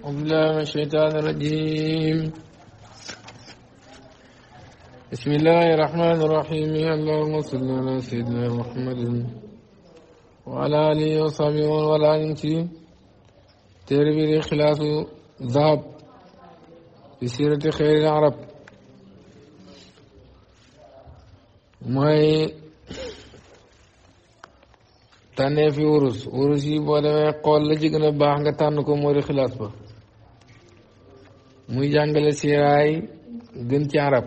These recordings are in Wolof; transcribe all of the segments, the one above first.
أعوذ بالله من الشيطان الرجيم بسم الله الرحمن الرحيم اللهم صل على سيدنا محمد وعلى آله وصحبه وعلى آله تيري الإخلاص ذهب في سيرة خير العرب ماي تاني في ورس ورسي بولا ما demee xool la ci gën a baax muy jàngale siiraay gën ci arab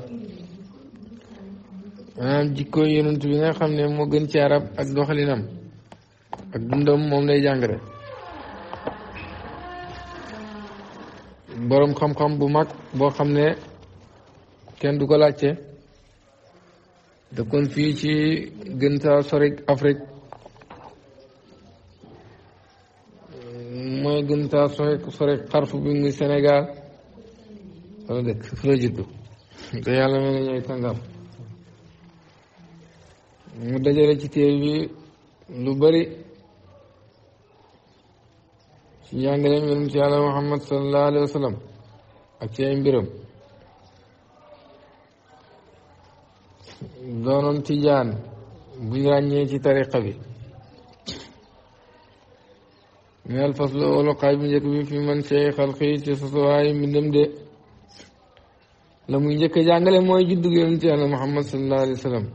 maanaam jikkooy yonent bi nga xam ne moo gën ci arab ak doxalinam ak dundam moom lay jàngale boroom xam-xam bu mag boo xam ne kenn du ko laajte kon fii ci gën saa sori afrig mooy gën saa sori sori xarfu bi muy Sénégal fa la dëkk fa la juddu te yàlla mel ne ñooy kàngam mu dajale ci téere bi lu bari ci njàngaleem yonent yàlla Muhammad sallallahu alayhi wa sallam ak ci ay mbiram doonoon tijaan buñ ràññee ci tariqa bi minal faslu olu xaaj bu njëkk bi fi man sey xalqi ci sosuwaay mbindam de la muy njëkk a jàngale mooy juddu gi yonent yàlla Muhammad sallallahu alayhi wa sallam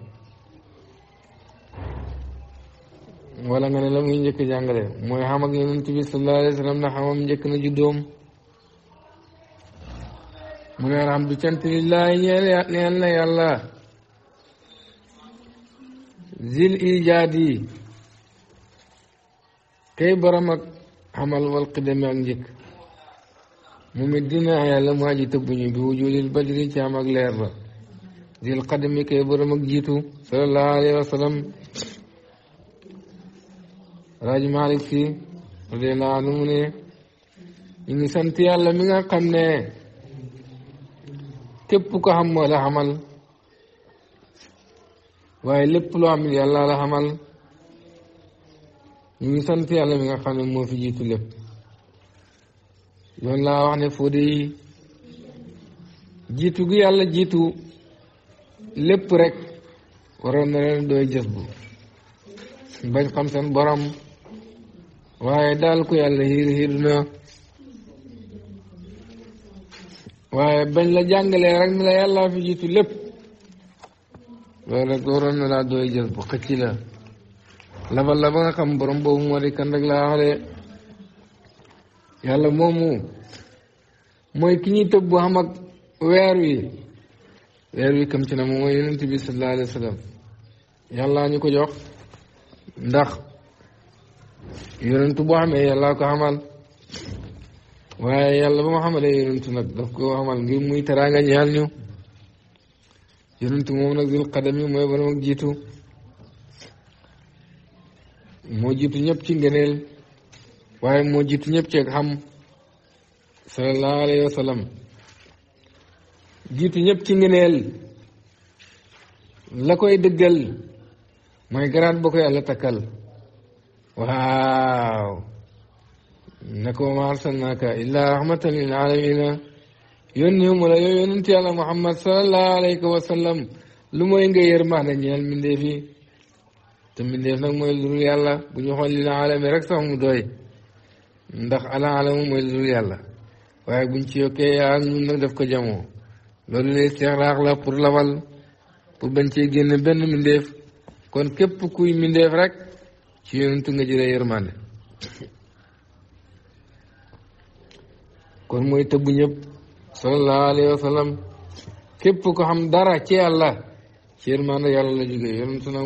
wala nga ne la muy njëkk a jàngale mooy xam ak yonent bi sallallahu alayhi wa sallam na xamam njëkk na juddoom mu ne alhamdu cant lillahi ñeel na yàlla zil ijaad yi kay borom ak xamal wal qidami ak njëkk mu mit dinaa yàlla mu aji tëbbuñu bi wujudil badri ci am ak leer ba dil kay borom ak jiitu sallallahu alayhi wa sallam rajo si radiyallahu anhu mu ne ñu ngi sant yàlla mi nga xam ne képp ko xam la xamal waaye lépp loo xam yàlla la xamal ñu ngi sant yàlla mi nga xam ne moo fi jiitu lépp ñoon laa wax ne fode yi jiitu gu yàlla jiitu lépp rek waroon na leen dooy jëf bu bañ xam seen borom waaye daal ku yàlla hiiru hiiru na waaye bañ la jàngalee rek ni la yàllaa fi jiitu lépp loolu rek waroon na laa dooy jëf bu xëcc la laba la ba nga xam borom boobu moo di kan rek laa wax de yàlla moomu mooy ki tëbb xam ak weer wi weer wi kam ci na moom mooy yonent bi sallallahu alayhi wa sallam yàllaa ñu ko jox ndax yonentu boo xamee yàllaa ko xamal waaye yàlla ba ma xamalee yonentu nag daf ko xamal ngir muy teraanga ñaal ñu yonentu moom nag dul xadam yi mooy borom ak jiitu moo jiitu ñëpp ci ngeneel waaye moo jiit ñëpp ceeg xam sallallahu alayhi wa sallam jiitu ñëpp ci ngëneel la koy dëggal mooy garaat ba ko yàlla takkal waaw ne ko ma arsalnaaka illaa rahmatan lil alamina la yow yonent yàlla muhammad sallallahu alayhi wa sallam lu mooy nga yërmaande ñeel nag mooy lu dul yàlla bu ñu xool lil alami rek sax mu doy ndax ala alamu mooy lu yàlla waaye buñ ci yokkee yaa ñun nag def ko jamoo loolu lay seexlaax pour lawal pour bañ cee génn benn mbindeef kon képp kuy mbindeef rek ci yonentu nga jëlee yërmande kon mooy tëbb ñëpp sallallahu alayhi wa képp ko xam dara ci yàlla ci yërmande yàlla la jógee yonentu nga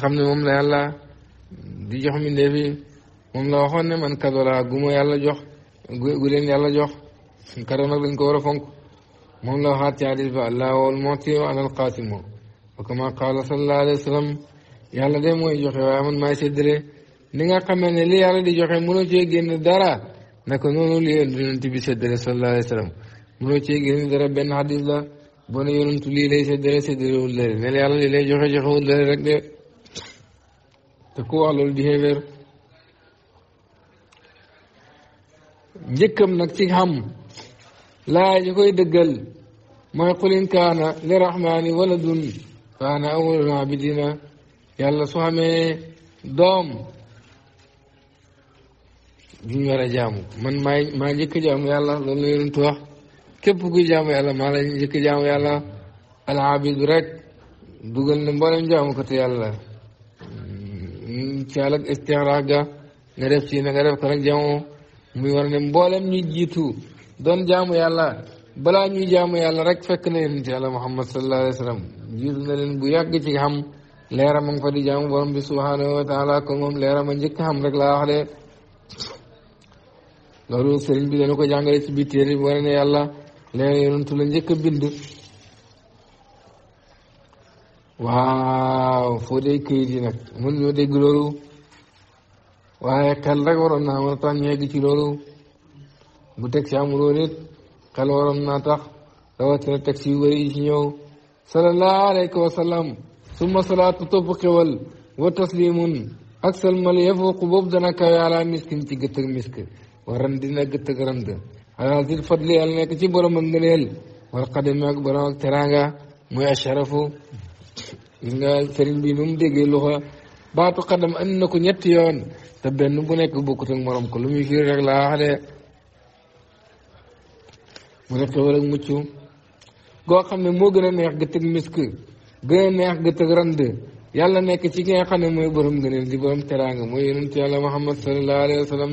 xam ne moom la yàlla di jox mbindeef yi moom la waxoon ne man ka laa gu ma yàlla jox gu leen yàlla jox kado nag lañ ko war a fonk moom la waxaat ci hadis ba allah wal muti wa alal qaasimu wa kama qaala sallallahu wa sallam yàlla de mooy joxe waaye man maay séddale ni nga xamee ne li yàlla di joxe mënoo cee génn dara na naka noonu li yonent bi séddale sallallahu sa wa sallam mënoo cee génn dara benn hadis ne yonent lii lay séddale séddale yàlla li lay joxe joxe wul lële rek de te ku di xeewer njëkkam nag ci xam laa ji koy dëggal mooy xulin kaana li rahmaani wala dun kaana awwalul abidina yàlla su xamee doom duñ war a jaamu man maay maa njëkk jaamu yàlla loolu la yonent wax képp kuy jaamu yàlla maa la njëkk jaamu yàlla al abid rek dugal na mboolem jaamu ko te yàlla mm, ci àll ak istixraaq ga nga def ci na nga def ko nag jaamu muy war mboolem ñuy jiitu doon jaamu yàlla balaa ñuy jaamu yàlla rek fekk na yonent yàlla muhammad sallallahu alayhi wa jiitu na leen bu yàgg ci xam leeram a nga fa di jaamu borom bi subhanahu wa taala kon leeram a njëkk xam rek laa wax de loolu sëriñ bi dana ko jàngale ci biir téere bi war ne yàlla leer yonentu njëkk a bind waaw foo dee këyit nag mën ñoo dégg loolu waaye xel rek waroon naa mën a tax ñu yegg ci loolu bu teg si amuloo nit tax rawatina ci ñëw sallallahu alayhi wa sallam summa salaatu topp xewal wa taslimun ak salmal yafuuqu boobu dana kawe ala miskin ci gëttëg misk waran dina gëttëg rand ala zil fadli yàlla nekk ci borom ak ngëneel wal xadami ak borom ak teranga muy asharafu gis nga sëriñ bi nu mu déggee loxo baatu xadam andi ko ñetti yoon te benn bu nekk bokkut ak morom ko lu muy firi rek laa de mu def xéwal ak mucc goo xam ne moo gën a neex gëtt ak misk gën a neex gëtt ak yàlla nekk ci ki nga xam ne mooy borom ngëneel di borom teraanga mooy yonent yàlla Muhammad sallallahu alayhi wa sallam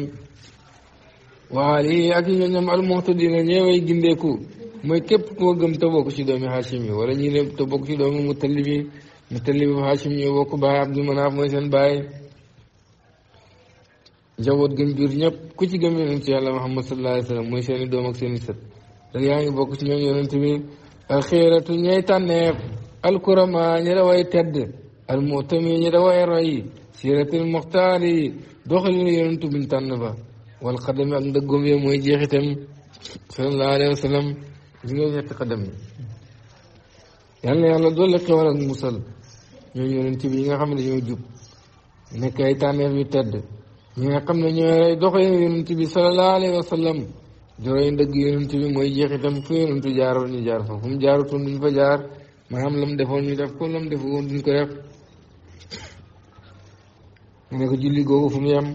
waa lii ak gindeeku mooy képp koo gëm te bokk ci doomi Hachim yi wala ñi ne te bokk ci doomi Mutalib yi Mutalib Hachim ñoo bokk baay Abdu Manaaf mooy seen baay. njaboot gën jur ku ci gëm yonent yàlla muhammad sallallahu alayhi wa sallam muy seen i doom ak seen i sët da yaa ngi bokk ci ñoom yonent way tedd almutami ñi da way roy siratil muxtaar yi doxalinu yonent buñ ba wal xadami ak ndëggum ya mooy jeexitam sallallahu alayhi wa nga ñetti xadam yi yal na yàlla doole xewal ak musal ñoom yonent bi yi nga xam ne dañoo jub nekk ay tànneef yu tedd ñi nga xam ne ñooy doxe yonent bi sallallahu alayhi wa sallam mooy jeexitam fu yonentu jaaroon ñu jaar fa fu mu jaarutoon fa jaar maanaam lam defoon ñu def ko lam defu woon duñ ko def mu ne ko julli googu fu mu yem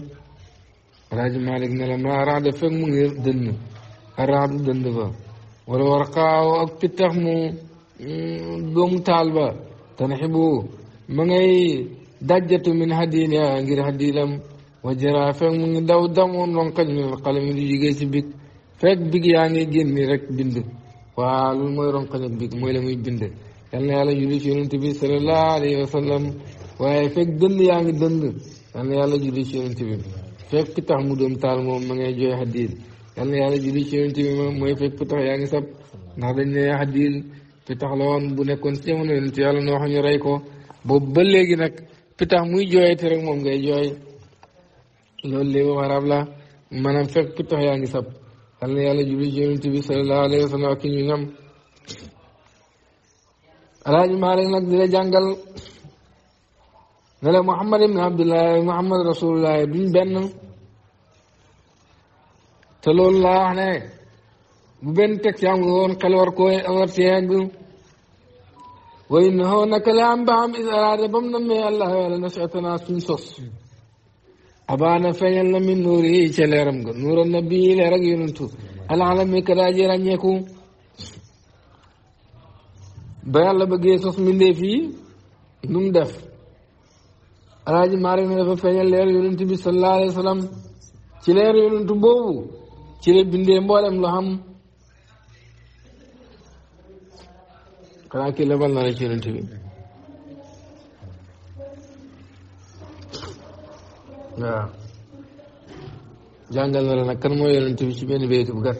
rajo Malick ne la ma mu ngi dënn mm, tan xibu ma ngay dajjatu min hadiila ngir hadiilam wa jëraa fekk mu ngi daw damoon ronkañ minal xalami lu jógee ci big fekk big yaa ngi génn rek bind waa loolu mooy ronkañ mooy la muy bind yal na yàlla julli ci yonent bi sallallahu fekk yaa ngi dënd yal na yàlla julli ci yonent bi fekk pitax mu doom taal moom ma ngay jooy xaddiil yal na yàlla julli ci yonent bi moom mooy fekk pitax yaa ngi sab ndax dañ ne xaddiil pitax la woon bu nekkoon ci jamono yonent yàlla noo xam ñu rey ko boobu ba léegi nag pitax muy jooyati rek moom ngay jooy loolu léegi arab la maanaam fekk pittax yaa ngi sab yal na yàlla jubli ci yonent bi sallallahu alayhi wa sallam alaaji Maalik nag di la jàngal la Muhammad ibn Abdullahi Muhammad Rasulullah duñ benn te loolu laa benn teg yaa ngi woon xel war koo war ci yegg way na xoo naka is araada ba nammee Allah yàlla nashatanaa suñ sos abaana feeñal na min nuur yi ca leeram ga nuural na bii leer ak yonentu alaalami ka daa ji ràññeeku bëggee sos mbindéef yi nu mu def alaaji maari na dafa feeñal leer yonentu bi sallallahu alayhi wa sallam ci leer yonentu boobu ci la bindee mboolem lu xam xanaa kii lebal na la ci yonentu bi waaw jàngal na la nag kan mooy yonent bi ci benn béykat bu gàtt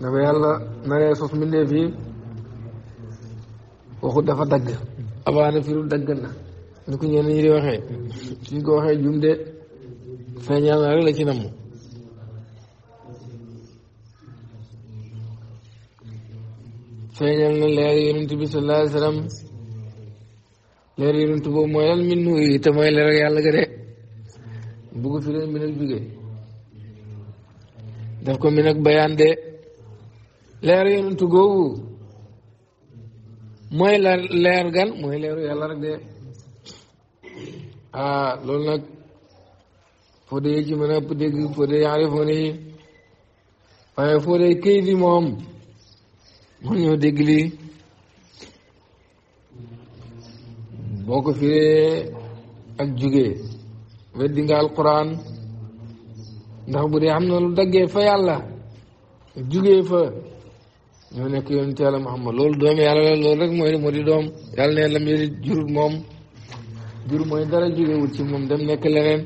na ba yàlla naree sos mbindeef yi waxu dafa dagg abaana firu dagg na ni ko ñenn ñi di waxee suñ ko waxee jum de feeñal na rek la ci namm feeñal na leer yonent bi sallallahu alayhi wa sallam leer yonent boobu mooy lan min nuur yi te mooy leer yàlla ga de bugg fi leen min ak jóge daf ko min ak bayaan de leer yonentu googu mooy leer gan mooy leeru yàlla rek de ah loolu nag foo dee ci mën a dégg foo dee yaarifoon yi waaye foo dee këy bi moom moom ñoo dégg boo ko firee ak jugee weddi nga alquran ndax bu dee xam na lu daggee fa yàlla jugee fa ñoo nekk yonent yàlla Muhammad loolu doom yàlla la loolu rek mooy moo di doom yàlla ne lam yëri jurut moom jur mooy dara jógewul ci moom dem nekk leneen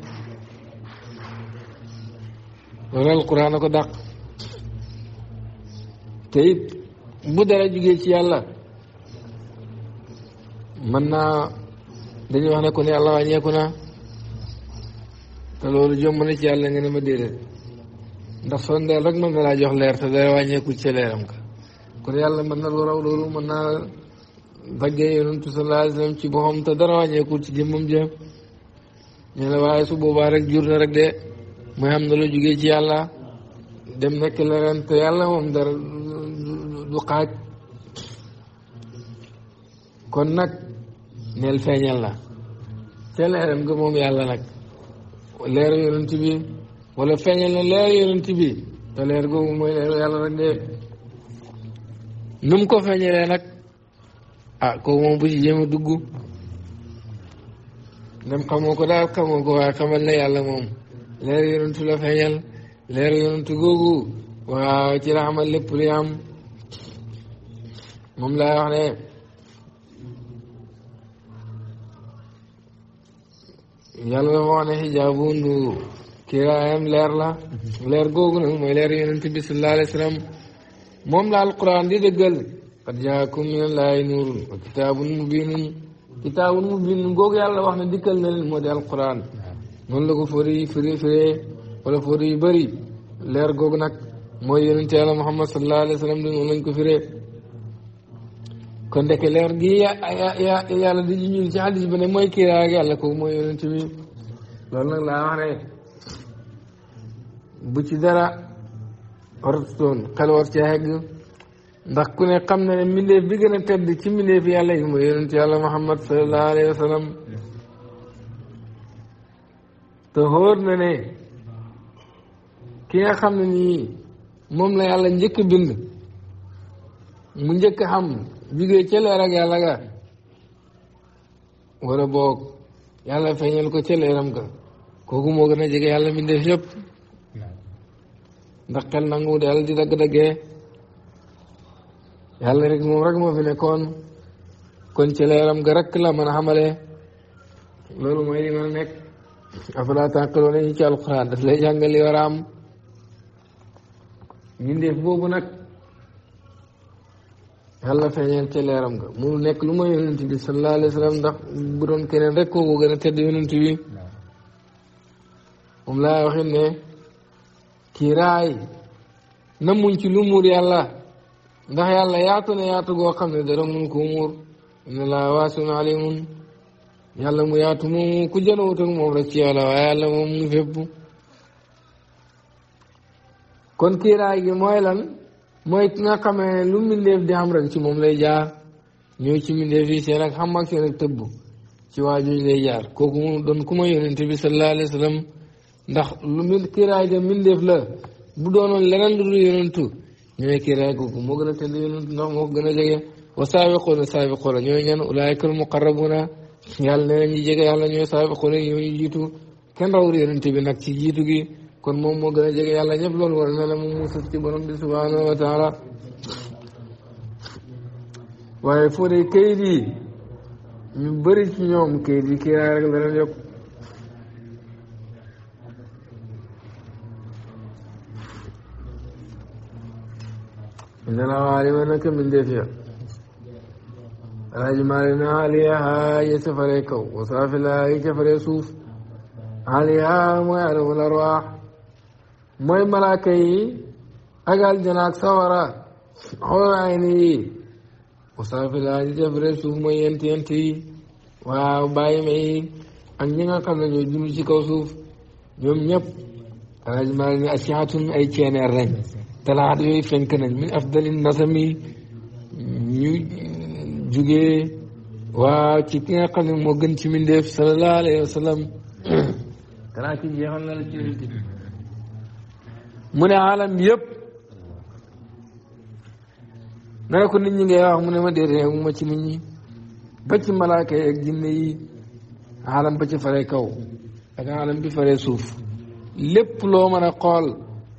loolu alquran a ko dàq te bu dara jógee ci yàlla mën naa dañuy wax ne ko ne yàlla wàññeeku na te loolu jomb na ci yàlla nga ne ma déedéet ndax sondeel rek mën na laa jox leer te day wàññeeku ci leeram ka kon yàlla mën na lu raw loolu mën naa daggee yonentu sallallahu alayhi wasallam ci boppam te dara wàññeeku ci jëmmam jëm ñu ne waaye su boobaa rek jur na rek de mooy am na lu jógee ci yàlla dem nekk leneen te yàlla moom dara du xaaj kon nag neel feeñal la te leeram nga moom yàlla nag ko leer yonanti bi walla feñal no leer yonanti bi to leer goomu moy leer yàlla rek de num ko feñalee nag ah koo moom bu ci jéem a dugg dem xamoo ko daal xamoo ko waaye xamal na yàlla moom leer yonantu la feñal leer yonantu googu waaw ci la xamal lépp li am moom laa wax ne yàlla wax ne xijaabu nuur kiraayam leer la leer googu nag mooy leer yonent bi sallallahu alayhi wa sallam moom la alquran di dëggal qad jaakum min allahi nuurun wa kitaabun mubinun kitaabun mubinun googu yàlla wax ne dikkal na leen moo di alquran noonu la ko fori firi firee wala fori yu bëri leer googu nag mooy yonent yàlla muhammad sallallahu alayhi wa sallam di noonu lañ ko firee kon ndeke leer gi yàlla di ñu ci hadis ba ne mooy kiiraay ak yàlla kooku mooy yonent bi loolu nag laa wax ne bu ci dara waratutoon xel war ci hegg ndax ku ne xam na ne mbindeef bi gën a tedd ci mbindeef yàlla yi mooy yonent yàlla Muhammad sallallahu alayhi wa sallam te xóor na ne ki nga xam ne nii moom la yàlla njëkk bind mu njëkk xam jugee ca leer ak yàlla war a boog yàlla feeñal ko ca leeram ga kooku moo gën a jege yàlla mi def yëpp ndax xel nangu daal di dagg-daggee yàlla rek moom rek moo fi nekkoon kon ca leeram ga rek la mën a xamale loolu mooy li mën a nekk afala tàqaloo nañu ci alquran daf lay jàngal li war a am ñun def boobu nag yàlla feeñal ca leeram mu nekk lu mooy yonent bi sallallahu alayhi wa ndax bu doon keneen rek ko gën a tedd yonent bi moom laa ne kiiraay namuñ ci lu muur yàlla ndax yàlla yaatu na goo xam ne dara mun ko muur inna laa waasun alimun yàlla mu yaatu moomu ku jëlawut ak moom rek ci yàlla waaye yàlla moom mu fépp kon kiiraay gi mooy lan mooy ki nga xamee ne di am ci moom lay jaar ñëw ci mbindeef yi seen ak xam ak seen ci waa jooju lay jaar kooku moom doon ku ma yonente bi sallallahu alayhi ndax lu mbind kiiraay de mbindeef la bu doonoon leneen lu dul yonentu ñooy kiiraay kooku moo gën a tëdd yonentu ndax moo ko gën a jege wa saabiquuna saabiquuna ñooy ñan ulaaika almuqarrabuuna yàlla nee na ñi jege yàlla ñooy saabiquuna ñooy jiitu bi nag ci jiitu gi kon moom moo gën a jege yàlla ñëpp loolu war na la mu musal ci borom bi subhanahu wa taala waaye foo dee kayit yi ñu bëri ci ñoom kayit yi kiiraay rek la leen yokk indana waali ma naka min def ya alaaji maali na aliyaha ya safaree kaw wa saafi laa yi safaree suuf aliyaha mooy alamul arwaax mooy malaaka yi ak aljana ak sawara xoolaay ni yi musaafila di jafre suuf mooy yent yent yi waaw bàyyi ma yi ak ñi nga xam ne ñoo julu ci kaw suuf ñoom ñëpp alaaji maa nasami ñu jugee ci ki nga xam ne mindeef sallallahu alayhi wa mu ne alam yëpp na ne ko nit ñi ngay wax mu ne ma déedéet mu ma ci nit ñi ba ci malaaka yi ak yi alam ba ci fare kaw ak alam bi fare suuf lépp loo mën a xool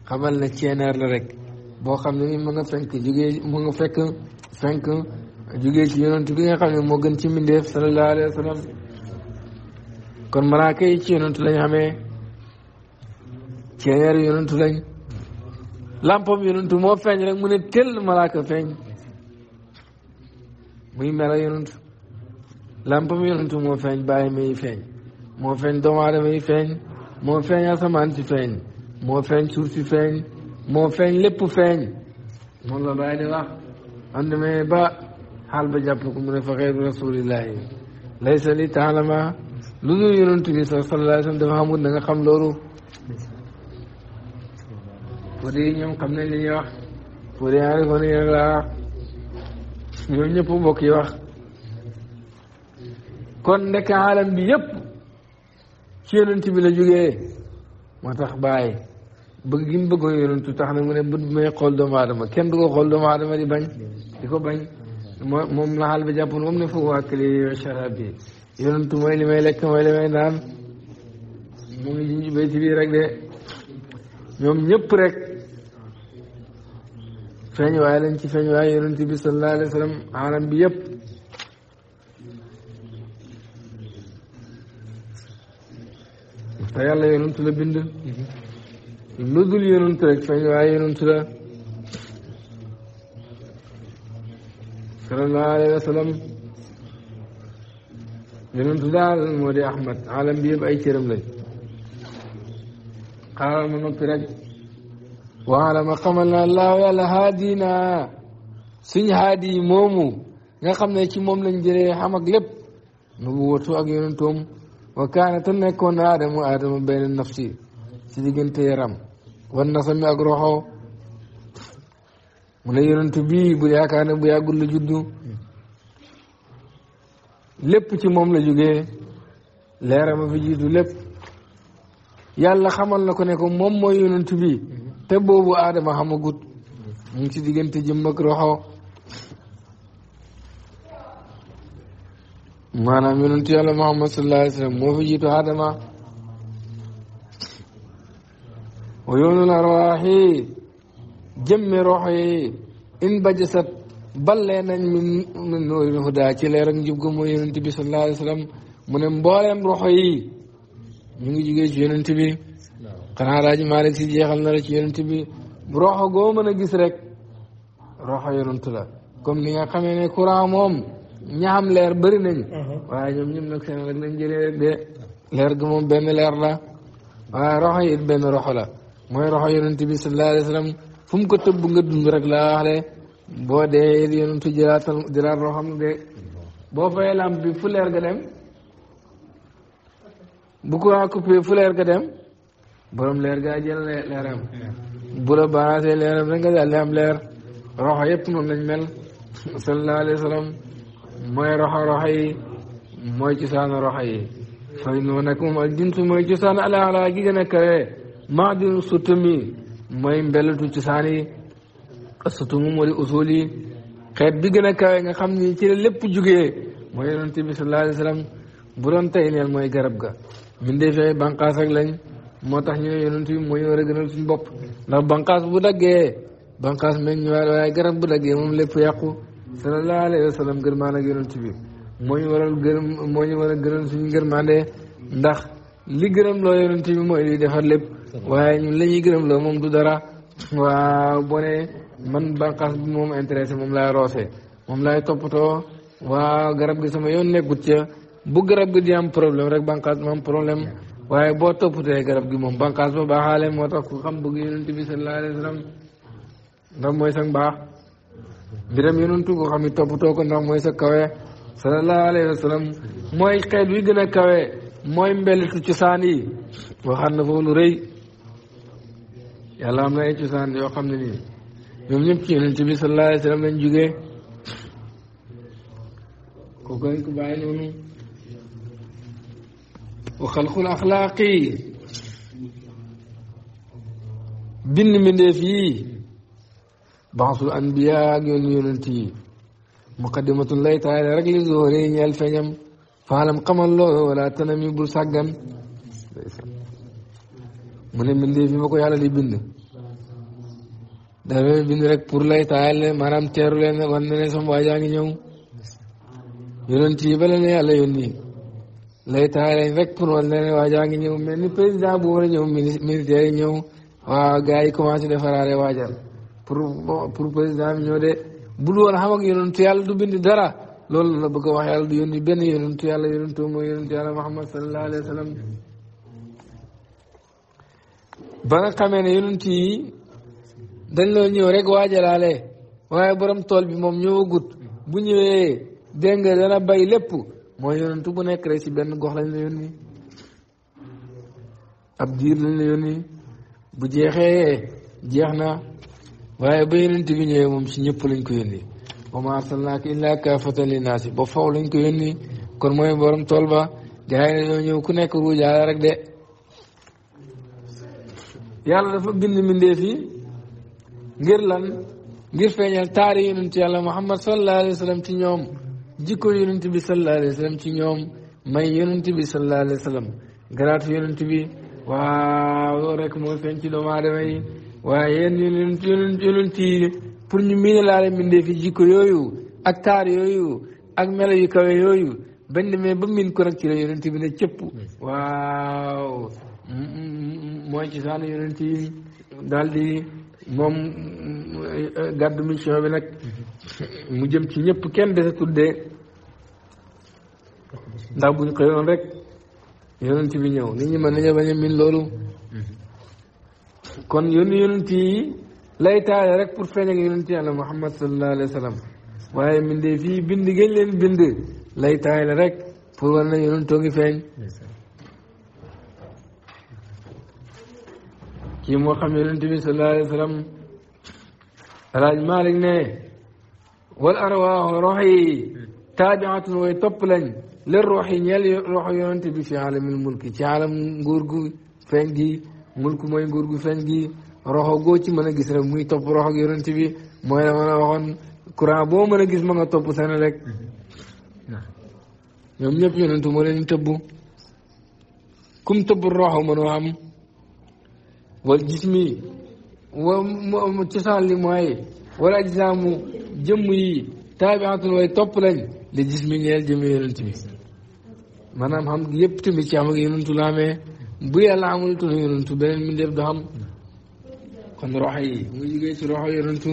xamal ne ceeneer la rek boo xam ne mu nga fenk jógee mu nga fekk fenk jógee ci yonent bi nga xam ne moo gën ci mbindeef sallallahu alayhi wa kon malaaka yi ci yonent lañ xamee ceeneer yonent lañ lampam yonantu moo feeñ rek mu ne tëll malaaka feeñ muy mela yonantu lampam yonantu moo feeñ bàyyi may feeñ moo feeñ doomu aadama yi feeñ moo feeñ asamaan si feeñ moo feeñ suuf si feeñ moo feeñ lépp feeñ moom la bàyyi di wax am demee ba xaal ba jàpp ko mu ne fa xeyru rasulillahi laysa li taalama lu dul yonantu bi sallallahu alayhi wa sallam dafa xamul da nga xam loolu fóote yi ñoom xam nañ li ñuy wax fóote ñoom ñëpp mbokk yi wax kon nekk alam bi yëpp ci yonent bi la jógee ma tax bàyyi bëgg gi bëgg bëggoon yonentu tax ne mu ne bët may xool doomu aadama kenn du ko xool doomu aadama di bañ di ko bañ moom la xaal ba jàppoon moom ne foog waa kële charab bi yonentu mooy li may lekk mooy li may naan mu ngi junj béy rek de ñoom ñëpp rek feeñ waaye lañ ci feeñ waaye yonent bi sallallahu alayhi wa sallam alam bi yëpp yoo yàlla yonent la bind lu dul yonent rek feeñ waaye yonent la sallallahu alayhi wa sallam yonent daal moo di Ahmad alam bi ay cëram lañ xaaral ma noppi waalama xamal na laaw yàlla haadi naa suñ haadi moomu nga xam ne ci moom lañ jëlee xam ak lépp nu bu watu ak yonentoom wa kaana te nekkoon na aadama aadama benn nafsi ci diggante yaram wan na sami ak roxo mu ne yonentu bii bu yaakaar ne bu yàggul la juddu lépp ci moom la jógee leerama fi jiitu lépp yàlla xamal na ko ne ko moom mooy yonentu bii te boobu aadama xamagut mu ci diggante jëmm ak roxo maanaam yonentu yàlla muhammad sallallahu alayhi wa sallam moo fi jiitu aadama wa yoonul arwaaxi jëmmi yi in bajasat ballee nañ min min nuuril huda ci leer ak njub ga mooy yonent bi mu ne mbooleem roxo yi ngi jugee ci yonent bi xanaa laaj Malick si jeexal na la ci yonent bi roxo goo mën a gis rek roxo yonent la comme ni nga xamee ne courant moom ñaam leer bëri nañ uh-huh. waaye ñoom ñun nag seen rek lañ jëlee rek de leer gi moom benn leer la waaye roxo yi benn roxo la mooy roxo yonent bi sallallahu alayhi wa sallam fu mu ko tëbb nga dund rek laa wax de boo dee it yonent jëlaatal jëlaat roxam de boo fayee lamp bi fu leer ga dem bu courant coupé fu leer ga dem borom leer gaa jël leeram bu la baasee leeram rek nga daal di am leer roxo yëpp noonu lañ mel sallallahu alayhi wa sallam mooy roxo roxo yi mooy cosaanu roxo yi fay noo nag moom ak jinsu mooy cosaan ala ala gi gën a kawe maa dinu sutumi mooy mbellatu cosaan yi sutumu moo di usul yi xeet bi gën a kawe nga xam ni ci la lépp jugee mooy yonent bi sallallahu alayhi wa sallam bu doon tey neel mooy garab ga min dee fee banqaas ak lañ moo tax ñu ne yonent bi mooy war a gënal suñu bopp ndax banqaas bu daggee banqaas meñ ñu waaye garab bu daggee moom lépp yàqu sallallahu alayhi wa sallam gërmaan ak yonent bi moo ñu waral gërëm moo ñu war a gënal suñu gërmaande ndax li gërëm bi mooy liy defar lépp waaye ñun la ñuy gërëm loo moom du dara waaw boo man banqaas bi moom intéressé moom laay roose moom laay toppatoo waaw garab gi sama yoon nekkut ca bu garab gi di am problème rek banqaas bi problème waaye boo toppatee garab gi moom bànqaas ba baaxaale moo tax ku xam bëgg yonent bi sallallahu alayhi wa ndax mooy sa baax mbiram yonentu ko xam ni toppatoo ko ndax mooy sa kawe sallallahu alayhi wa sallam mooy xeet wi gën a kawe mooy mbellitu cosaan yi waxaat na foofu lu rëy yàlla am na ay cosaan yoo xam ne nii ñoom ñëpp ci yonent bi sallallahu alayhi wa sallam lañ jugee kooku dañ ko bàyyi noonu وخلق الأخلاقي بن من في بعض الأنبياء يونتي مقدمة الله تعالى رجل زورين يلفهم فعلم قم الله ولا تنمي برساقا من من في مكو يالا لي بن دابا بن رك بور الله تعالى مرام تيرو لين وان ني سوم واجا ني نيو يونتي يوني laytaay lañ rek pour wala waajaa ngi ñëw mel ni président bu war a ñëw ministère yi ñëw waaw gars yi commencé defaraare waajal pour pour président bi ñëw de bu dul woon xam ak yonentu yàlla du bind dara loolu la bëgg a wax yàlla du yónni benn yonentu yàlla yonentu mooy yonentu yàlla Muhammad sallallahu alayhi wa sallam ba nga xamee ne yonent yi dañ loo ñëw rek waajalaale waaye borom tool bi moom ñëwagut bu ñëwee dégg dana bay lépp mooy yonentu bu nekk rek ci benn gox lañu la yónni ab diir lañ la yónni bu jeexee jeex na waaye ba yonent bi ñëwee moom ci ñëpp lañ ko yónni wa ma arsalnaaka lañ ko yónni kon mooy borom tool ba gaa yi dañoo ñëw ku nekk ruujaale rek de yàlla dafa bind mbindeef yi ngir lan ngir feeñal taari yonent yàlla Muhammad sallallahu alayhi wa ci ñoom jikko yonent bi sallallahu alayhi wa sallam ci ñoom may yonent bi sallallahu alayhi wa sallam garaatu yonent bi waaw loolu rek moo feeñ ci pour ñu miinalaale mbindee fi jikko yooyu ak taar yooyu ak melo yu kawe yooyu benn mais ba miin ko rek ci la bi ne cëpp waaw mm, mm, mm, mooy ci saanu yonent yi moom gàddu mission bi nag mu jëm ci ñëpp kenn desatul de ndax buñ xëyoon rek yonent bi ñëw nit ñi mën nañu bañ a min loolu kon yónni yonent yi lay taale rek pour feeñ ak yonent yàlla muhammad sallallahu alayhi wa sallam waaye min de fii bind ngeen leen bind lay la rek pour war na yonentoo ngi feeñ kii moo xam yonent bi sallallahu alayhi wa sallam alaaj Malik ne wal arwaaxu rox yi taabiatun way topp lañ leen rox yi ñeel roxu yonent bi fi alamil mulki ci alam nguur gu feeñ gi mulk mooy nguur gu feeñ gi roxo goo ci mën a gis rek muy topp roxo yonent bi mooy la mën a waxoon courant boo mën a gis ma nga topp seen rek mm-hmm. ñoom ñëpp yonentu moo leen tëbb kum tëbb roxo mënoo am wal jismi wa mu cosaan li wala gisaamu yi taabiatun way topp lañ li jismi ñeel jëmm yonent bi maanaam xam yëpp tamit ci am ak yonentu la amee bu yàlla amul tun yonentu beneen mi def du xam kon roxo yi mu jugee ci roxo yonentu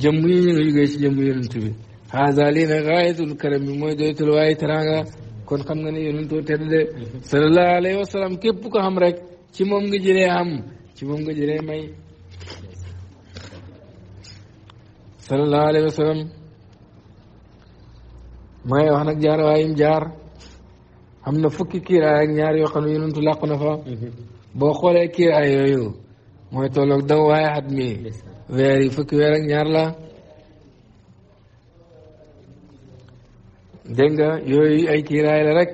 jëmm yi ñu ngi bi haasa lii nag gaayatul mooy doytul waaye teraanga kon xam nga ne yonentoo tedd de sallallahu alayhi wa sallam képp ko rek ci moom nga jëlee am ci moom nga jëlee may sallallahu alayhi wa may wax nag jaar waayum jaar am na fukki kiiraay ak ñaar yoo xam ne yonentu fa mhm. boo xoolee kiiraay yooyu mooy tolloog daw waaye at mi weer fukki weer ñaar la dégg nga yooyu ay kiiraay la rek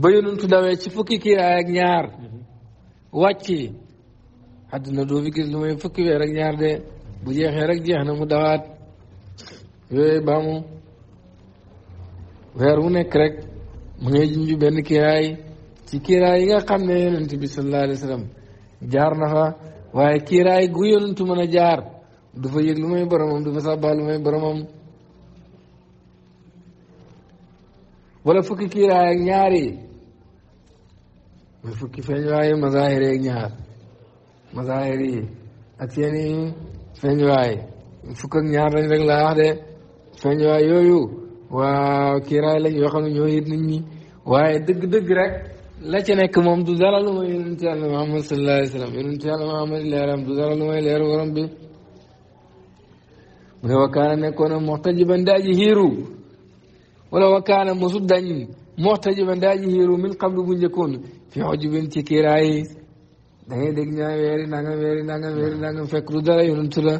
ba yonentu dawee ci fukki kiiraay ak ñaar wàcci àdduna doo fi gis lu may fukki weer ñaar de bu jeexee rek jeex na mu dawaat yooyu baamu weer wu nekk rek mu ngay junju benn kiiraay ci kiiraay yi nga xam ne yonent bi sallallahu alayhi wa jaar na fa waaye kiiraay gu yonentu mën a jaar du fa yëg lu may boromam du fa wala fukki kiiraay ak ñaar yi mooy fukki feeñuwaay mazahir ak ñaar mazahir yi ak seen i ak ñaar lañ rek laa wax de feeñuwaay yooyu waaw kiiraay lañ yoo xam ne ñoo yit nit ñi waaye dëgg-dëgg rek la nekk moom du dara lu may yonent yàlla Muhammad sallallahu alayhi wa sallam yonent yàlla Muhammad leeram du dara may leer waram bi mu ne wakkaana nekkoon moxtajiban daaji wala wakaana mosu dañ muxtajiban daa ji xiiru min qablu bu njëkkoon fi xujubin ci kiiraay da ngay dégg ñaa weeri nangam weeri nangam weeri nangam fekk du dara yonentu la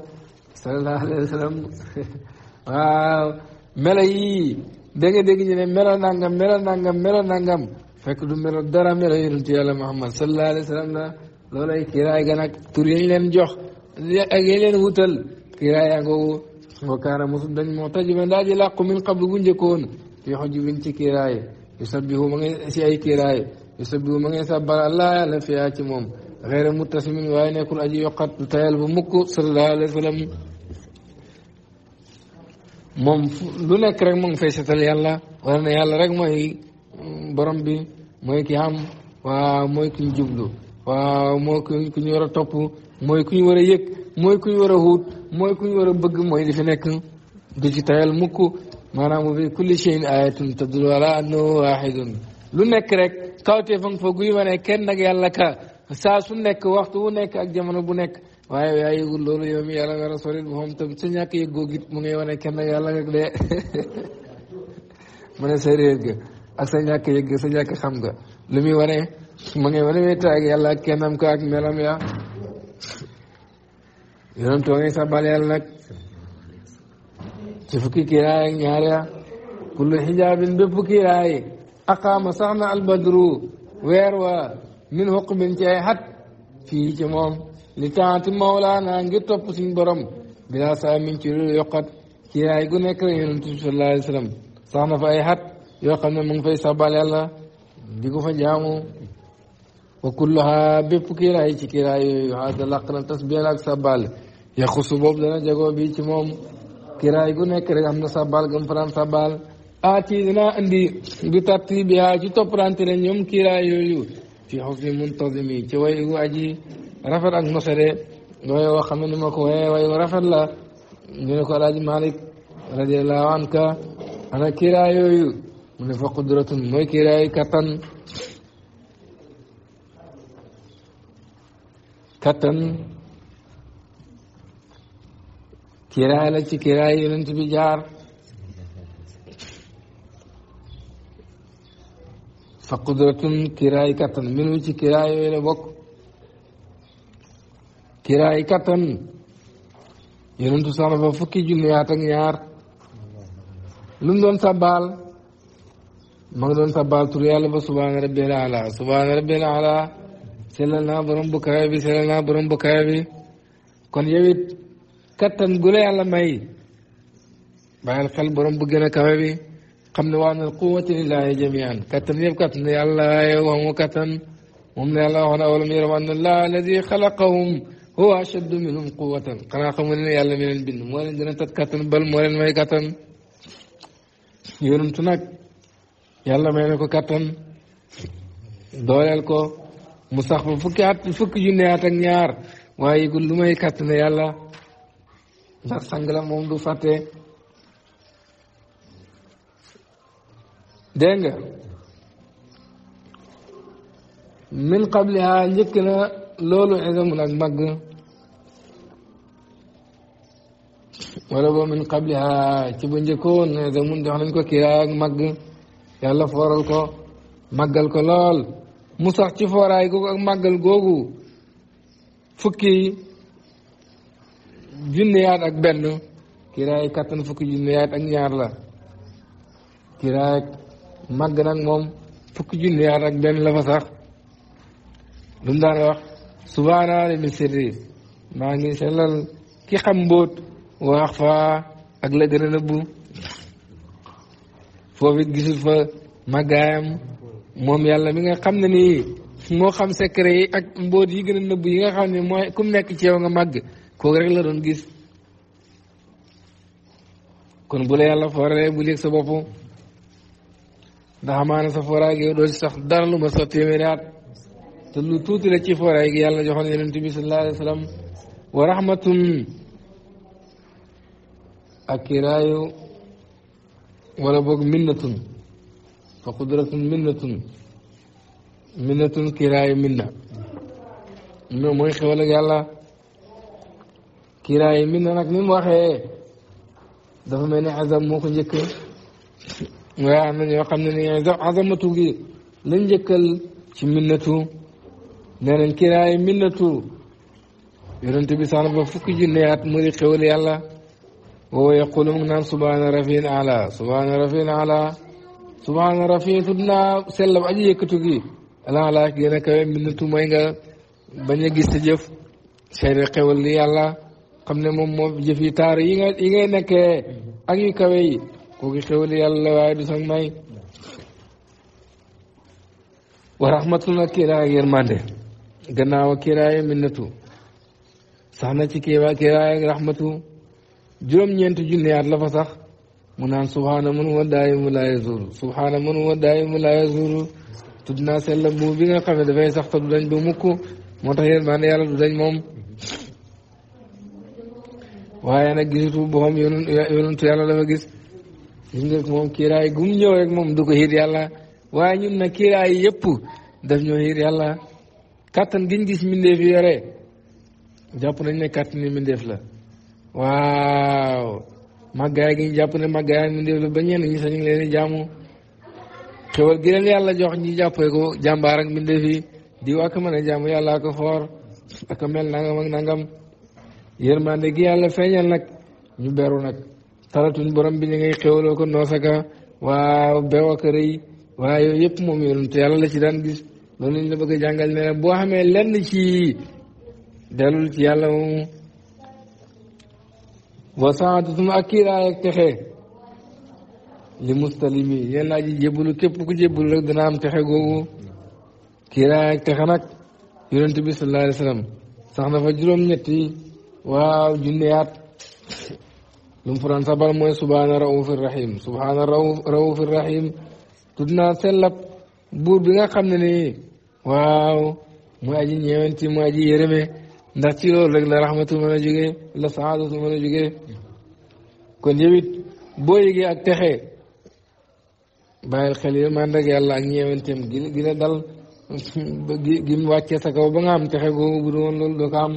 sallallahu alayhi wa sallam waaw mela yii da dégg ñu ne mela nangam mela nangam mela fekk du mela dara mela yonentu yàlla ga nag tur yañ leen jox ak yañ leen wutal kiiraay yaa wakaana mosul dañ moo tajiba ndaa ji làqu min qablu bu njëkkoon fii xujubin ci kiiraay yu sabbihu ma ngay si ay kiiraay yu sabbihu ma ngay sabbal allah yàlla fiyaa ci moom xeera muttasimin waaye nekkul aji yokkat du tayal bu mukk sallallahu alayhi wa sallam moom lu nekk rek mu ngi fay setal yàlla wala ne yàlla rek mooy mm, borom bi mooy ki xam waaw mooy ku ñu jublu waaw mooy ku ñu war a topp mooy ku ñu war a yëg mooy ku ñu war a huut mooy ku ñu war a bëgg mooy li nekk du ci tayal mukk maanaam bi fi kulli shay'in ayatun tadullu ala annahu wahidun lu nekk rek kawteefam fa guy wane kenn nag yàlla ka saa su nekk waxtu wu nekk ak jamono bu nekk waaye yaa yëgul loolu yow nga rasolit ñàkk yëggoo mu ngay wane kenn nag yàlla nga de mu ne sa réer ga ak sa ñàkk yëgg sa ñàkk xam nga lu muy wane mu ngay wane wéeta ak kennam ka ak melam yaa yonent wa ngi sabal yàlla nag ci fukki kiiraay ak ñaar ya kullu xijaabin bépp kiiraay aqaama sax na albadru weer wa min xuqbin ci ay xat fii ci moom li taati mawlaana ngir topp suñ borom bilaa saa min ci lu yokkat kiiraay gu nekk la yonent bi sallallahu alayhi wa sallam fa ay xat yoo xam ne mu ngi fay sabal yàlla di ko fa jaamu wa kulluha bépp kiiraay ci kiiraay yooyu hada làq na tasbiyan ak sàbbaal yaxusu boobu dana jagoo bi ci moom kiiraay gu nekk rek am na sàbbaal gam faram sàbbaal aati dinaa andi bi tarti bi haa ci toppalante ne ñoom kiiraay yooyu fi xusni muntazimi ci way gu aji rafet ak mosere looy wax xam ne ma ko waye way rafet la ñu ne ko alaaji Malik radiallahu anka ana kiiraay yooyu mu ne fa qudratun mooy kiiraay kattan kattan kiraay la ci kiraay yonent bi jaar fa qudratun kiraay kattan minu ci kiraay yooyu la bokk kiraay kattan yonentu sax fa fukki junniyaat ak ñaar mu doon sabbaal ma ngi doon sabbaal tur yàlla ba subhaana rabbil ala subhaana rabbil ala سلنا برم بكايبي سلنا برم بكايبي كون يبي كتن غولي على ماي باي القلب برم بغينا كايبي خمن وان القوة لله جميعا كتن يب كتن يا الله وهم كتن هم يا الله وانا ولم يروا ان الله الذي خلقهم هو اشد منهم قوة قنا خمن يا من البن مولن دنا تتكتن بل مولن ماي كتن يونتنا يا الله ماي كتن دوريالكو mu sax ba fukki at fukki junne at waaye yëgul lu may kàtt na yàlla ndax sang la moom du fàtte dégg nga min qabliha njëkk na loolu izamun ak màgg wala boo min qabliha ci ba njëkkoon izamun jox nañ ko kiraa ak màgg yàlla fooral ko màggal ko lool mu sax ci fooraay googu ak màggal googu fukki junniyaat ak benn kiraay kattan fukki junniyaat ak ñaar la kiraay màgg nag moom fukki junniyaat ak benn la fa sax lu daan wax subhaana mi sirri maa ngi sellal ki xam mbóot waax faa ak la a nëbbu foofu it gisul fa màggaayam moom yàlla mi nga xam na nii moo xam secret yi ak mbóot yi gën a yi nga xam ne mooy ku nekk ci yow nga màgg kooku rek la doon gis kon bu la yàlla fooree bu léeg sa bopp ndax amaana sa fooraay gi yow doo ci sax dara lu ma sa téeméeri at lu tuuti ci fooraay gi yàlla joxoon yonent bi sallallahu alayhi wa sallam a rahmatum ak kiraayu wala boog minnatun fa qudratun minnatun minnatun kiraayu minna mooy xewal ak yàlla kiraayu minna nag ni mu waxee dafa mel ni azam moo ko njëkk waaye am na ñoo xam ne ni azamatu gi la njëkkal ci minnatu nee nañ kiraayu minnatu yonent bi sax na ba fukki junne at mu di xewal yàlla wa yaqulu mu naan subhaana rafiin ala subhaana rafiin ala subhaana rafiya tudd naa sell ba aji yëkkatu gi alaa laa a kawe mbindatu mooy nga bañ a gis sa jëf seede xewal li yàlla xam ne moom moo jëf yi taar yi nga yi ngay nekkee ak kawe yi kooku xewal li yàlla waaye du sax may wa rahmatun ak kiiraay ak gannaaw ak kiiraay minnatu sax na ci kiiraay ak rahmatu juróom-ñeenti junni at la fa sax mu naan subhaana man huwa daayimu laa yazuuru subhaana man huwa daayimu laa yazuuru tudd naa sell bu bi nga xam ne dafay sax te du dañ ba mukk moo tax yéen maanaam yàlla du dañ moom waaye nag gisutu boxam yonent yonentu yàlla dafa gis gis nga moom gum ñëw rek moom du ko xiir yàlla waaye ñun nag kiiraay yëpp daf ñoo xiir yàlla kattan giñ gis mbindeef yi yore jàpp nañ ne kàttan yi mbindeef la waaw màggaay gi jàpp na màggaay mi ndéef la ba ñenn ñi sax ngi leen di jaamu xewal gi yàlla jox ñu jàppee ko jàmbaar ak di waa ko mën a jaamu yàlla ko foor ak mel nangam ak nangam yàlla feeñal nag ñu beru nag taratuñ borom bi ñu ngay xewaloo ko noosaka waa bew ak rëy waa yooyu yëpp moom yoonu te yàlla la ci daan gis loolu ñu la bëgg a jàngal ne boo xamee lenn ci delul ci yàlla moomu wa saadatun ak kiiraay ak texe li mustalimi yéen laa ji jébbalu képp ku jébbalu rek dana am texe googu kiiraay ak texe nag yonent bi sallallahu alayhi wa sallam sax na fa juróom-ñetti waaw junniyaat lu mu mooy subhaana raufir rahim subhaana raufir rahim tudd sellab buur bi nga xam ne nii waaw mooy aji ñeewenti mooy aji yërëme ndax loolu rek la rahmatu mën a jógee la saadatu mën a jógee kon yow it boo yëgee ak texe bàyyil xel yi man rek yàlla ak ñeewanteem gi gi dal gi mu wàccee sa kaw ba nga am texe googu bu doon loolu doo ko am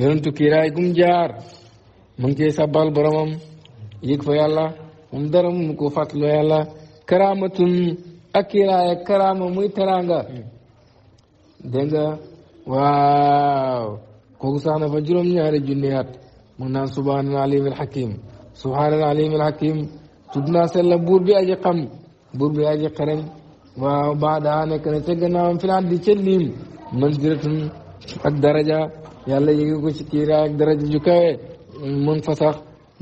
yonentu kiiraay gum jaar mu ngi cay sabbal boromam yëg fa yàlla moom dara mu ko fàttaloo yàlla karaamatun ak kiiraay ak karaama muy teraanga hmm. dégg waaw kooku sax na fa juróom-ñaari junni at mu naan subhaanal aliimil hakiim subhaanal aliimil hakiim tudd naa sella buur bi aji xam buur bi aji xereñ waaw baadaa nekk na ca gannaawam filaan di celliim manziratun ak daraja yàlla yëgi ko ci kiiraay ak daraja ju kawe mun fa sax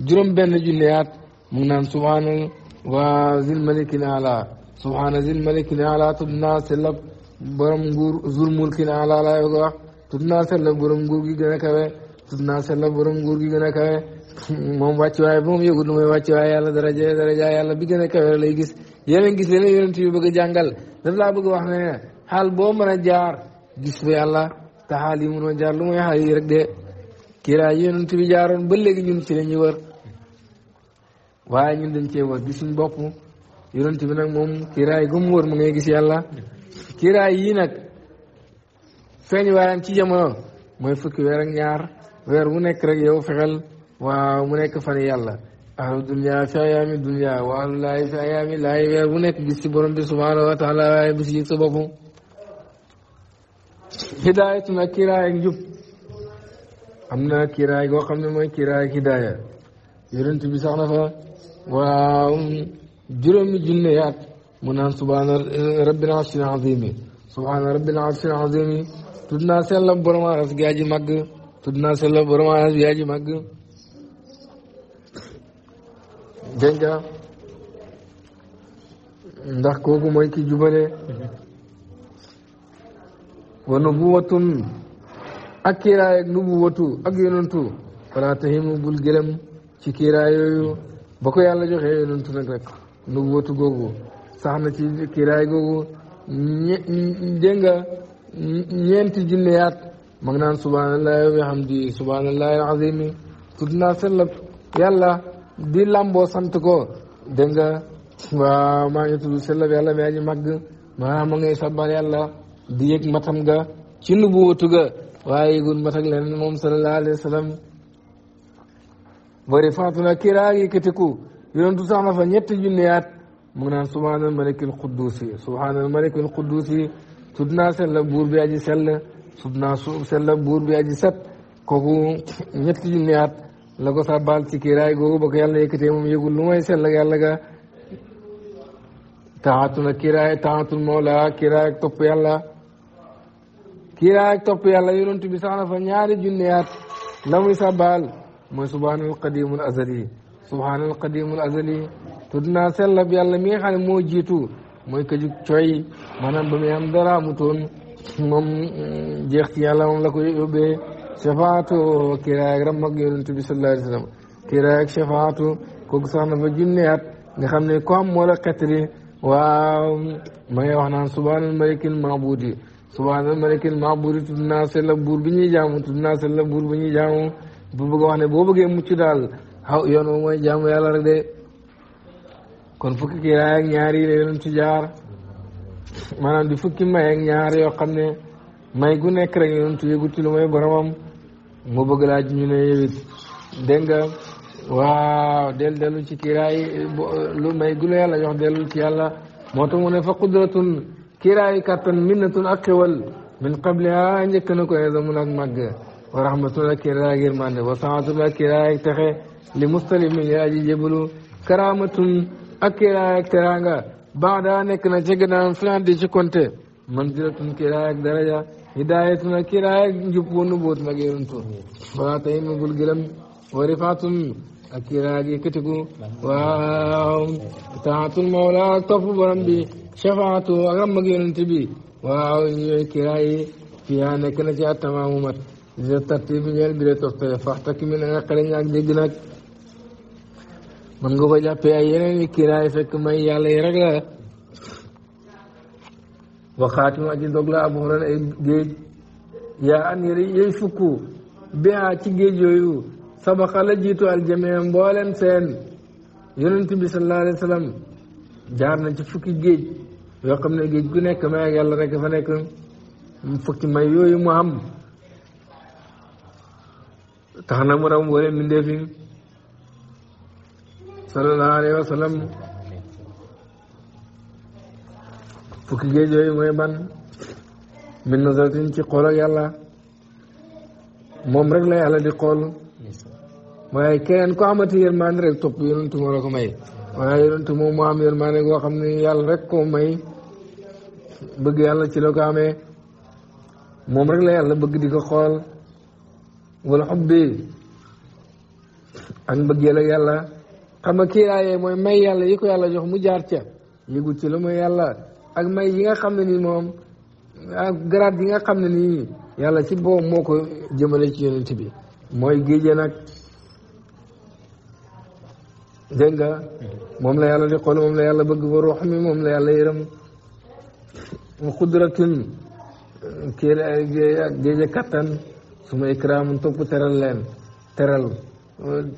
juróom benn junni at mu naan subhaanal waa zil malikil alaa subhaana zil malikil alaa tudd naa sella borom nguur zur mulkin ala laay bëgg a wax tudd naa sell borom nguur gi gën a kawe tudd naa sell borom nguur gi gën a kawe moom wàccuwaay bi moom yëgul lu may wàccuwaay yàlla daraja daraja yàlla bi gën a kawe lay gis yeneen gis leneen yonent yu bëgg a jàngal daf laa bëgg wax ne xaal boo mën a jaar gis fa yàlla te xaal yi mënoo jaar lu may xaal yi rek de kiiraay yonent bi jaaroon ba léegi ñun ci la ñuy wër waaye ñun dañ cee wër gisuñ bopp yonent bi nag gis yàlla kiiraay yii nag feeñ waaram ci jamono mooy fukki weer ak ñaar weer wu nekk rek yow fexel waaw mu nekk fan yàlla ahlu dunia fi ayaami dunia wa ahlu laahi fi ayaami laahi weer wu nekk gis ci borom bi subhanahu wa taala waaye bis yëg sa bopp hidaayatu nag kiiraay ak am na kiiraay goo xam ne mooy kiiraay hidaaya yonent bi sax na fa waaw junne yaat mu naan subhaana rabbil arshil azim yi subhaana rabbil arshil azim yi tudd naa sellam borom aras gi aji màgg tudd naa sellam kooku mooy jubale wa nubuwatun ak kiiraay ak nubuwatu ak yonantu fala tahimu bul gëlëm ci kiiraay ba ko yàlla joxee yonantu nag rek nubuwatu googu sax na ci kiiraay googu ñe dégg nga ñeenti junneyaat mag naan subhaanallahi wa bihamdi subhaanallahi al yàlla di làmboo sant ko dégg nga waaw maa ngi tudd sellab yàlla mais aji màgg maa ma ngay sabbal yàlla di yëg matam ga ci nubuwatu ga waaye yëgul matak leneen moom sallallahu alayhi wa sallam bari faatu na kiiraay yëkkatiku yonentu sax na fa ñetti junneyaat mu ngi naan subhaanal malikil quddusi subhaanal malikil quddusi tudd naa sell buur bi aji sell tudd naa suuf sell buur bi aji set kooku ñetti junni at la ko sàbbaal ci kiiraay googu ba ko yàlla yëkkatee moom yëgul lu may sell ak yàlla ga taxaatu na kiiraay taxaatul mawla kiiraay ak topp yàlla kiiraay ak topp yàlla yonent bi sax na fa ñaari junni at la muy sàbbaal mooy subhaanal qadimul azali subhaanal qadimul azali tudd naa sellab yàlla mi nga xam ne moo jiitu mooy ka jug coy maanaam ba muy am dara amutoon moom mm, jeex ci yàlla moom la ko yóbbee shafaatu kiiraay ak ram ak yonent bi sallallahu alayhi wa sallam kiiraay ak shafaatu kooku sax na fa junne at nga xam ne ko am moo la xetri waaw ma ngi wax naan subhaanal malikil maabuudi subhaanal malikil maabuudi tudd naa buur bi ñuy jaamu tudd naa sellab buur ñuy jaamu bu wax ne boo bëggee mucc daal xaw yoon mooy jaamu yàlla rek de kon fukki kiraay ak ñaar yi la yonent ci jaar maanaam di fukki may ak ñaar yoo xam ne may gu nekk rek yonent yëgut ci lu may boromam mu bëgg laaj ñu ne yewit dégg nga waaw del dellu ci kiraay lu may gu la yàlla jox dellu ci yàlla moo tax mu ne fa qudratun kiraay kàttan minnatun ak xewal min qabliha njëkk na ko esamun ak màgg wa rahmatun ak kiraay ngir mànde wa saatun ak kiraay texe li mustalim mi aji jébalu karaamatun ak kiiraay ak teraanga baax daa nekk na ca gannaaw fi naan di ci compter manzilatun kiiraay ak daraja hidaayatun ak kiiraay ak njub wu nu boot nag yonentu wala tey mu bul gëlëm wa rifaatun ak kiiraay ak yëkkatiku waaw taatul mawla ak topp borom bi shafaatu ak ram ak yonent bi waaw yooyu kiiraay yi fiyaa nekk na ci at tamaamu mat li tartiib bi ñeel bi la toftale faxtak mi na nga xarañ ak dégg nag mën nga ko jàppee ay yeneen i kiiraay fekk may yàlla yi rek la waxaati ma aji dog la aboran ay géej yaa an yëri yëy fukk bia ci géej yooyu sabaxa la jiitu aljamee mbooleen seen yonent bi sallallahu alayhi wa jaar na ci fukki géej xam ne géej gu nekk may ak yàlla fa nekk fukki may yooyu mu am tax na mu raw mbooleem mbindeef sallallahu alayhi wa sallam fukki géej yooyu mooy ban min nazaratin ci xool ak yàlla moom rek la yàlla di xool waaye keneen ko amati yërmande rek topp yonentu moo la ko may waaye yonentu moom moo am yërmande goo xam ne yàlla rek koo may bëgg yàlla ci la ko amee moom rek la yàlla bëgg di ko xool wala xubbi ak mbëggeel ak yàlla xam nga kiiraayee mooy may yàlla yi ko yàlla jox mu jaar ca yëgut ci la mooy yàlla ak may yi nga xam ne nii moom ak grade yi nga xam ne nii yàlla ci boobu moo ko jëmale ci yonent bi mooy géejee nag dégg nga moom la yàlla di xool moom la yàlla bëgg ba ruux mi moom la yàlla yërëm xudratun kii géeje kattan su ma ikraamun topp leen teral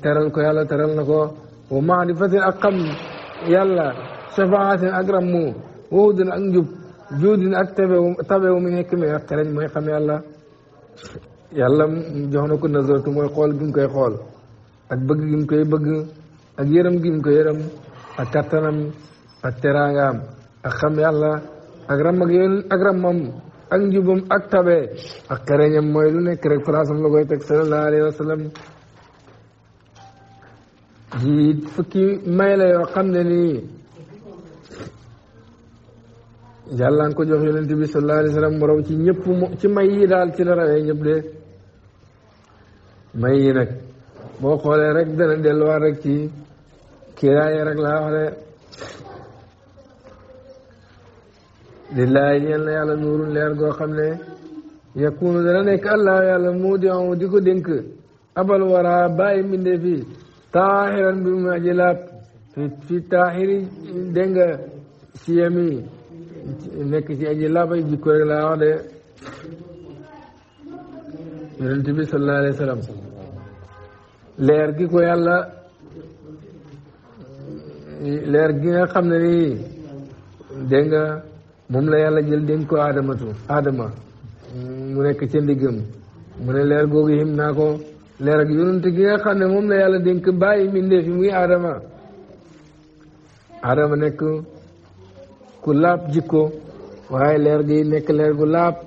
teral ko yàlla teral na ko wa maarifatin ak xam yàlla shafaatin ak rammu wowdin ak njub juudin ak tabe tabe wa min hikmi ak xereñ mooy xam yàlla yàlla jox na ko nazaratu mooy xool gi mu koy xool ak bëgg gi mu koy bëgg ak yërëm gi mu koy yërëm ak kattanam ak teraangaam ak xam yàlla ak ram ak yoon ak ramam ak njubam ak tabe ak xereñam mooy lu nekk rek place am la koy teg sallallahu alayhi wa sallam yii fukki may la yoo xam ne nii yàlla nga ko jox yonent bi sallallahu alayhi wa mu raw ci ñëpp ci may yi daal ci la rawee ñëpp de may yi nag boo xoolee rek dana delluwaat rek ci kiraaye rek laa wax de lillaahi ñeel na yàlla nuurun leer goo xam ne yakunu dana nekk allah yàlla mu di di ko dénk abal wara bàyyi mbindee fii taahiran bi mu aji laab fi taahiri dégg nga siyam yi nekk ci aji laab ay jikko laa wax de yonent bi sallallahu alayhi wa leer gi ko yàlla leer gi nga xam ne nii dégg nga moom la yàlla jël dénk ko aadamatu aadama mu nekk ca ndiggam mu ne leer googu yim naa ko leer ak yonent gi nga xam ne moom la yàlla dénk bàyyi mbindeef yi muy Adama Adama nekk ku laab jikko waaye leer gi nekk leer